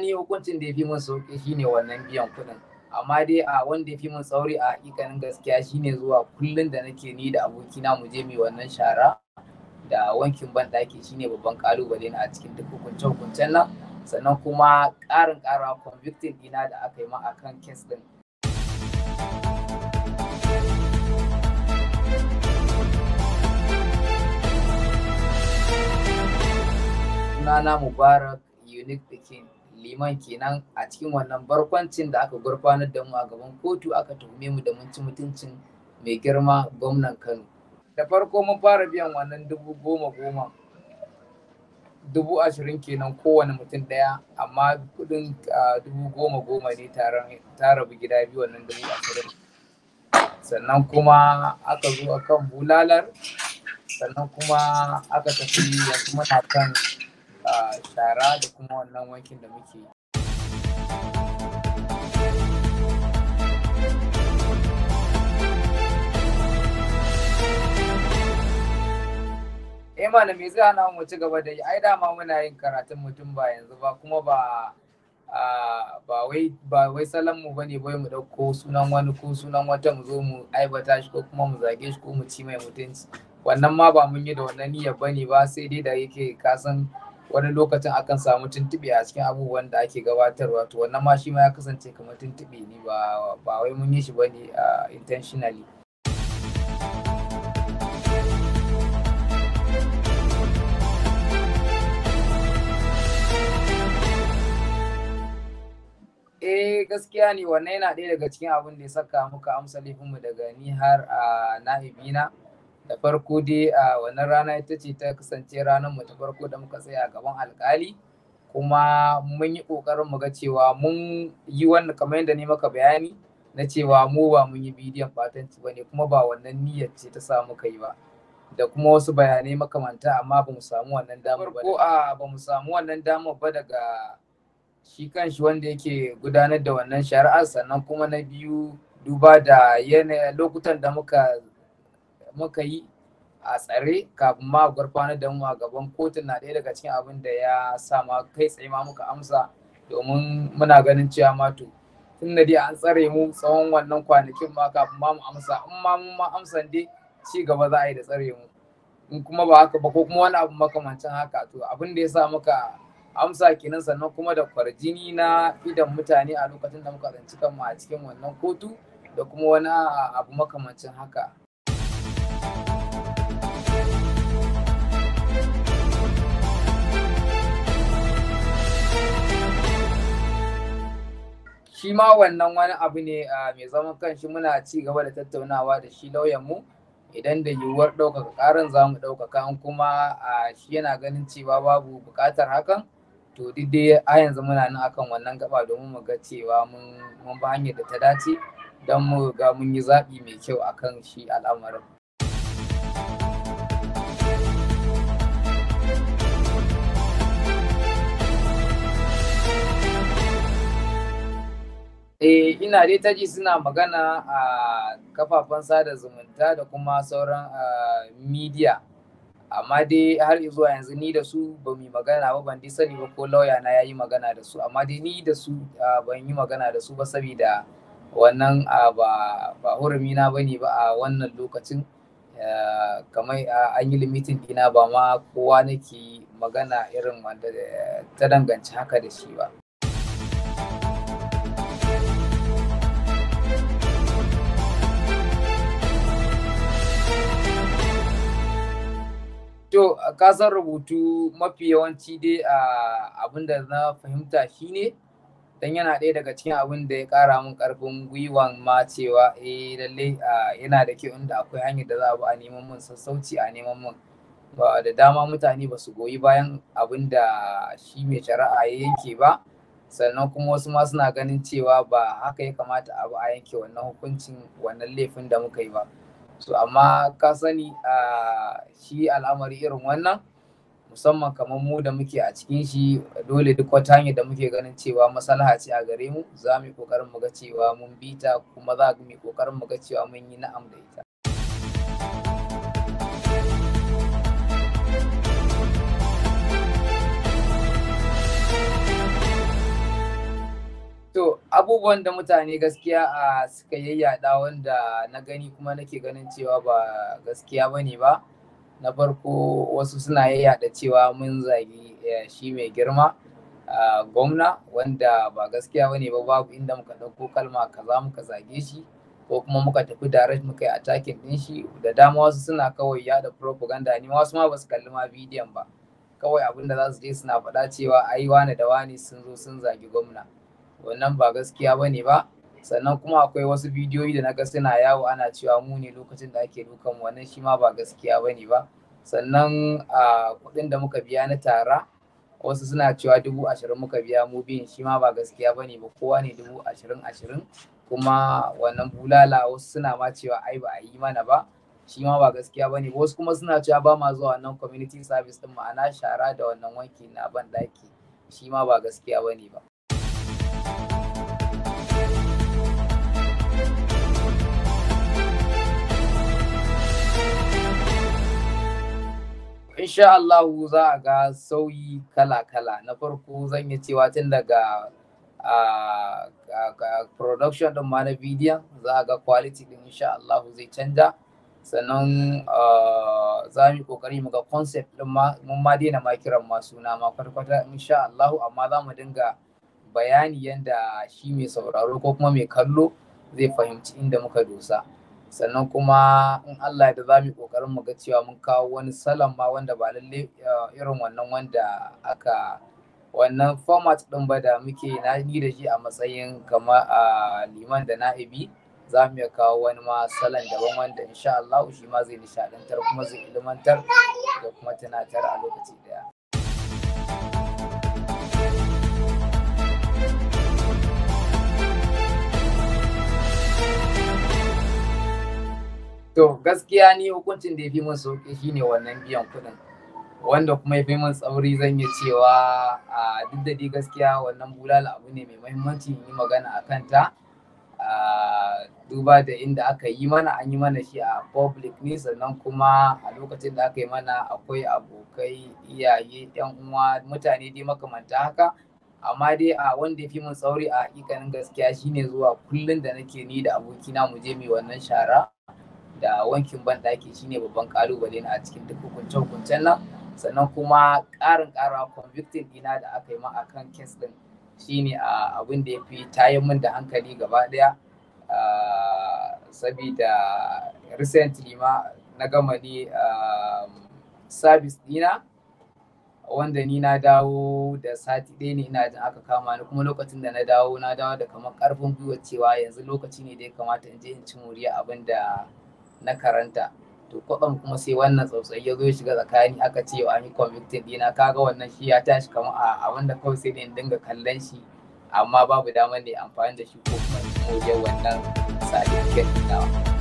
ni hukuncin da ya fi min sauki shine wannan biyan kuɗin amma dai a wanda ya fi min sauri a hakikanin gaskiya shine zuwa kullum da nake ni da abokina mu je mu wannan shara da wankin ban ɗaki shine babban kalubale na a cikin duk hukunce hukuncen nan sannan kuma ƙarin ƙara convicting ɗina da aka yi ma akan kes ɗin sunana mubarak unique bikin liman kenan a cikin wannan barkwancin da aka gurfanar da mu a gaban kotu aka tuhume mu da mun mutuncin mai girma gwamnan kano da farko mun fara biyan wannan dubu goma goma dubu ashirin kenan kowane mutum ɗaya amma kudin dubu goma goma ne ta rabu gida biyu wannan dubu ashirin sannan kuma aka zo akan bulalar sannan kuma aka tafi yanzu muna kan shara da kuma wannan wankin da muke yi. eh mana zai hana mu ci gaba da yi ai dama muna yin karatun mutum ba yanzu ba kuma ba ba wai ba wai salon mu bane bai mu dauko sunan wani ko sunan wata mu zo mu aibata shi ko kuma mu zage shi ko mu ci mai mutunci wannan ma ba mun yi da wannan niyyar bane ba sai dai da yake kasan wani lokacin akan samu tuntuɓe a cikin abubuwan da ake gabatarwa to wannan ma shi ma ya kasance kamar tuntuɓe ne ba wai mun yi shi ba ne intentionally eh gaskiya ne wannan yana ɗaya daga cikin abin da ya saka muka amsa laifinmu daga ni har a na'ibina da farko dai a wannan rana ita ce ta kasance ranar mu ta farko da muka tsaya gaban alkali kuma mun yi ƙoƙarin mu ga cewa mun yi wannan kamar yadda ne maka bayani na cewa mu ba mun yi bidiyon fatanci ba ne kuma ba wannan niyyar ce ta sa muka yi ba da kuma wasu bayanai makamanta amma ba mu samu wannan damar ba ko a ba mu samu wannan damar ba daga shi kanshi wanda yake gudanar da wannan shari'ar sannan kuma na biyu duba da lokutan da muka muka yi a tsare kafin ma gurfanar da mu a gaban kotun na daya daga cikin abin da ya sa ma kai tsaye ma muka amsa domin muna ganin cewa ma to tun da dai an tsare mu tsawon wannan kwanakin ma kafin ma mu amsa in ma mun ma amsa ne ci gaba za a yi da tsare mu in kuma ba haka ba ko kuma wani abu makamancin haka to abin da ya sa muka amsa kenan sannan kuma da kwarjini na idan mutane a lokacin da muka tsinci kanmu a cikin wannan kotu da kuma wani abu makamancin haka shi ma wannan wani abu ne mai zaman kanshi muna ci gaba da tattaunawa da shi lauyan mu idan da yiwuwar ɗaukaka ƙarin za mu ɗaukaka in kuma shi yana ganin cewa babu buƙatar hakan to duk dai a yanzu muna nan akan wannan gaba domin mu ga cewa mun ba hanyar da ta dace don mu ga mun yi zaɓi mai kyau akan shi al'amarin Eh, ina dai ta ji suna magana a kafafen sada zumunta da kuma sauran media. Amma dai har zuwa yanzu ni da su ba mu magana ba ban dai sani ba ko lauya na ya yi magana da su amma dai ni da su ban yi magana da su ba saboda wannan ba hurumi na ba ne ba a wannan lokacin kamar an yi limitin dina ba ma kowa nake magana irin wanda eh, ta danganci haka da shi ba. to kasar rubutu mafi yawanci dai a abin da na fahimta shine don yana ɗaya daga cikin abin da ya ƙara min ƙarfin gwiwan ma cewa eh lalle yana da kyau inda akwai hanyar da za a bi a neman mun sassauci a neman mun ba da dama mutane ba su goyi bayan abin da shi mai shari'a ya yanke ba sannan kuma wasu ma suna ganin cewa ba haka ya kamata a bi a yanke wannan hukuncin wannan laifin da muka yi ba. to amma ka sani a shi al'amari irin wannan musamman kamar mu da muke a cikin shi dole duk wata hanyar da muke ganin cewa maslaha ce a gare mu za mu yi kokarin mu ga cewa mun bi ta kuma za mu yi kokarin mu ga cewa mun yi na'am da ita To abubuwan da mutane gaskiya a suka yayyada wanda na gani kuma nake ganin cewa ba gaskiya ba ba. Na farko wasu suna yayyada cewa mun zagi eh, shi mai girma gwamna wanda ba gaskiya ba ba babu inda muka ɗauko kalma kaza muka zage shi ko kuma muka tafi direct muka yi attacking ɗin shi da dama wasu suna kawai yada propaganda ne wasu ma ba kalli ma bidiyon ba kawai abinda da za su je suna faɗa cewa ai wane da wani sun zo sun zagi gwamna. wannan ba gaskiya bane ba sannan kuma akwai wasu bidiyoyi da na ga suna yawo ana cewa mu ne lokacin da ake dukan wannan shi ma ba gaskiya bane ba sannan a kudin da muka biya na tara wasu suna cewa dubu ashirin muka biya mu biyan shi ma ba gaskiya ba ne ba kowa ne dubu ashirin ashirin kuma wannan bulala wasu suna ma cewa ai ba a yi mana ba shi ma ba gaskiya ba ne wasu kuma suna cewa ba ma zuwa wannan community service din ma'ana shara da wannan wanki na ban daki shi ma ba gaskiya ba ne ba insha Allah za a ga sauyi kala-kala na farko zan yi cewa tun daga production din ma na bidiyon za a ga quality din insha Allah zai canja sannan za mu yi kokari mu ga concept din ma mun ma daina ma kiran ma suna ma kwata-kwata insha Allah amma za mu dinga bayani yanda shi mai sauraro ko kuma mai kallo zai fahimci inda muka dosa sannan kuma in Allah da za mu kokarin mu ga cewa mun kawo wani salon ma wanda ba lalle eh, irin wannan wanda aka wannan format din ba da muke na ni da shi a matsayin kama a liman da na'ibi za mu iya kawo wani ma salon daban wanda insha Allah shi ma zai nishadantar kuma zai ilmantar da kuma tunatar a lokaci daya To gaskiya ni hukuncin da ya fi min sauƙi shine wannan biyan kuɗin. Wanda kuma ya fi min tsauri zan yi cewa a duk da gaskiya wannan bulala abu ne mai muhimmanci yi magana a kanta. duba da inda aka yi mana an yi mana shi a public ne sannan kuma a lokacin da aka yi mana akwai abokai iyaye yan uwa mutane dai makamanta haka amma dai a wanda ya fi min tsauri a hakikanin gaskiya shine zuwa kullum da nake ni da abokina mu je mu wannan shara da wankin banɗaki shine babban kalubale na a cikin duk hukunce-hukuncen nan sannan kuma ƙarin ƙara convicting dina da aka yi ma akan kes ɗin shine abin da ya fi tayin min da hankali gaba ɗaya sabida recently ma na gama ni service dina wanda ni na dawo da sati ɗaya ne ina jin aka kama ni kuma lokacin da na dawo na dawo da kamar ƙarfin gwiwa cewa yanzu lokaci ne da ya kamata in je in ci moriya abin na karanta to kwatsam kuma sai wannan tsautsayi ya zo ya shiga tsakani aka ce wa ni convicted dina kaga wannan shi ya tashi kamar a abin da kawai sai da dinga kallon shi amma babu damar da amfani da shi ko kuma wajen wannan certificate dinawa.